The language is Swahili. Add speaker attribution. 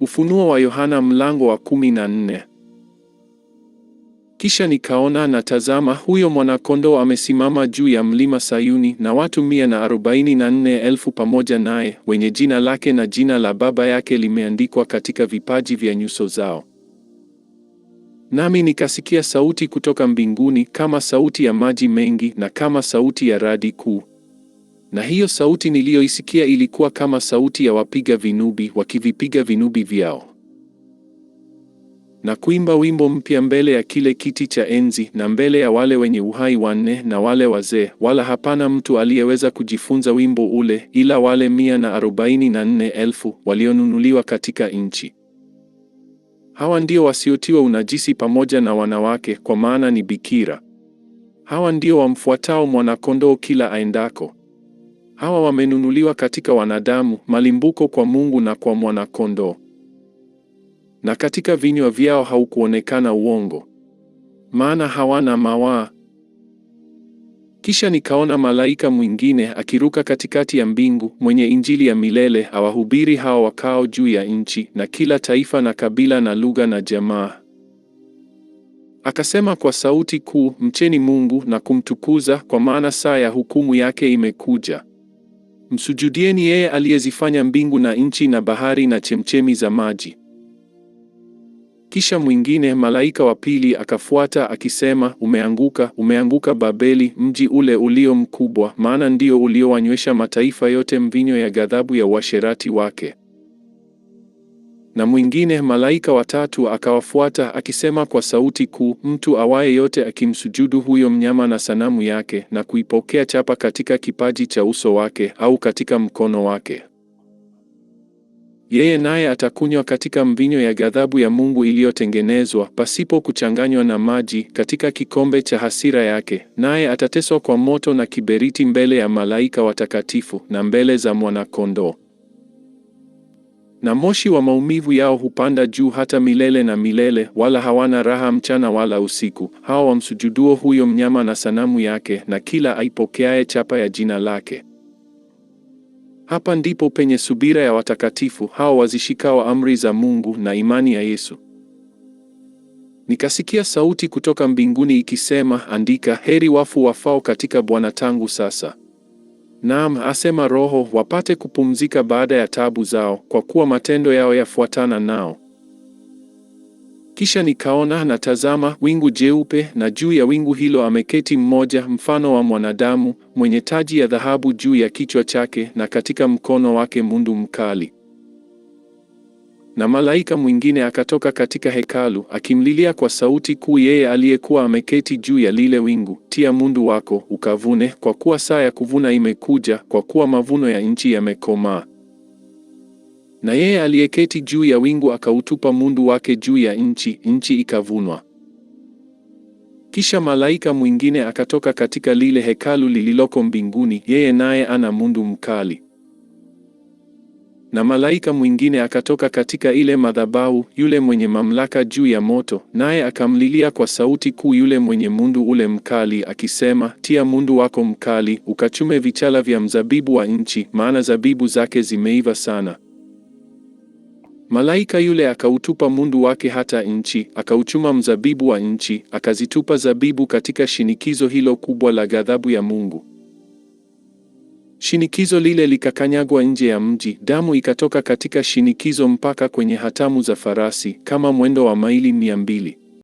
Speaker 1: Ufunuo wa Yohana mlango wa 14. Kisha nikaona na tazama, huyo mwanakondoo amesimama juu ya mlima Sayuni, na watu mia na arobaini na nne elfu pamoja naye, wenye jina lake na jina la Baba yake limeandikwa katika vipaji vya nyuso zao. Nami nikasikia sauti kutoka mbinguni kama sauti ya maji mengi na kama sauti ya radi kuu na hiyo sauti niliyoisikia ilikuwa kama sauti ya wapiga vinubi wakivipiga vinubi vyao na kuimba wimbo mpya mbele ya kile kiti cha enzi na mbele ya wale wenye uhai wanne na wale wazee, wala hapana mtu aliyeweza kujifunza wimbo ule ila wale mia na arobaini na nne elfu walionunuliwa katika nchi. Hawa ndio wasiotiwa unajisi pamoja na wanawake, kwa maana ni bikira. Hawa ndio wamfuatao mwanakondoo kila aendako. Hawa wamenunuliwa katika wanadamu, malimbuko kwa Mungu na kwa mwanakondoo. Na katika vinywa vyao haukuonekana uongo, maana hawana mawaa. Kisha nikaona malaika mwingine akiruka katikati ya mbingu, mwenye injili ya milele, awahubiri hawa wakao juu ya nchi, na kila taifa na kabila na lugha na jamaa. Akasema kwa sauti kuu, mcheni Mungu na kumtukuza, kwa maana saa ya hukumu yake imekuja. Msujudieni yeye aliyezifanya mbingu na nchi na bahari na chemchemi za maji. Kisha mwingine malaika wa pili akafuata akisema, umeanguka, umeanguka Babeli, mji ule ulio mkubwa, maana ndio uliowanywesha mataifa yote mvinyo ya ghadhabu ya uasherati wake na mwingine malaika watatu akawafuata akisema kwa sauti kuu, mtu awaye yote akimsujudu huyo mnyama na sanamu yake, na kuipokea chapa katika kipaji cha uso wake au katika mkono wake, yeye naye atakunywa katika mvinyo ya ghadhabu ya Mungu iliyotengenezwa pasipo kuchanganywa na maji, katika kikombe cha hasira yake, naye atateswa kwa moto na kiberiti mbele ya malaika watakatifu na mbele za mwanakondoo na moshi wa maumivu yao hupanda juu hata milele na milele, wala hawana raha mchana wala usiku, hao wamsujuduo huyo mnyama na sanamu yake, na kila aipokeaye chapa ya jina lake. Hapa ndipo penye subira ya watakatifu hao wazishikao amri za Mungu na imani ya Yesu. Nikasikia sauti kutoka mbinguni ikisema, andika, heri wafu wafao katika Bwana tangu sasa. Naam, asema Roho, wapate kupumzika baada ya tabu zao, kwa kuwa matendo yao yafuatana nao. Kisha nikaona na tazama, wingu jeupe, na juu ya wingu hilo ameketi mmoja mfano wa mwanadamu, mwenye taji ya dhahabu juu ya kichwa chake, na katika mkono wake mundu mkali. Na malaika mwingine akatoka katika hekalu akimlilia kwa sauti kuu yeye aliyekuwa ameketi juu ya lile wingu, tia mundu wako ukavune, kwa kuwa saa ya kuvuna imekuja, kwa kuwa mavuno ya nchi yamekomaa. Na yeye aliyeketi juu ya wingu akautupa mundu wake juu ya nchi, nchi ikavunwa. Kisha malaika mwingine akatoka katika lile hekalu lililoko mbinguni, yeye naye ana mundu mkali na malaika mwingine akatoka katika ile madhabahu, yule mwenye mamlaka juu ya moto, naye akamlilia kwa sauti kuu yule mwenye mundu ule mkali, akisema, tia mundu wako mkali, ukachume vichala vya mzabibu wa nchi, maana zabibu zake zimeiva sana. Malaika yule akautupa mundu wake hata nchi, akauchuma mzabibu wa nchi, akazitupa zabibu katika shinikizo hilo kubwa la ghadhabu ya Mungu. Shinikizo lile likakanyagwa nje ya mji, damu ikatoka katika shinikizo mpaka kwenye hatamu za farasi, kama mwendo wa maili mia mbili.